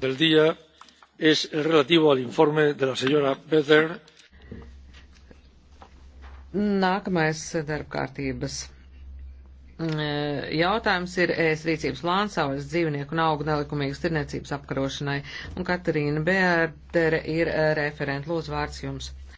del día es el relativo al informe de la señora Beder. Nākamais darbkārtības mm, jautājums ir ēst rīcības plāns savas dzīvnieku un augu nelikumīgas tirniecības apkarošanai, un Katarīna Bērdere ir eh, referenta. Lūdzu, vārds jums.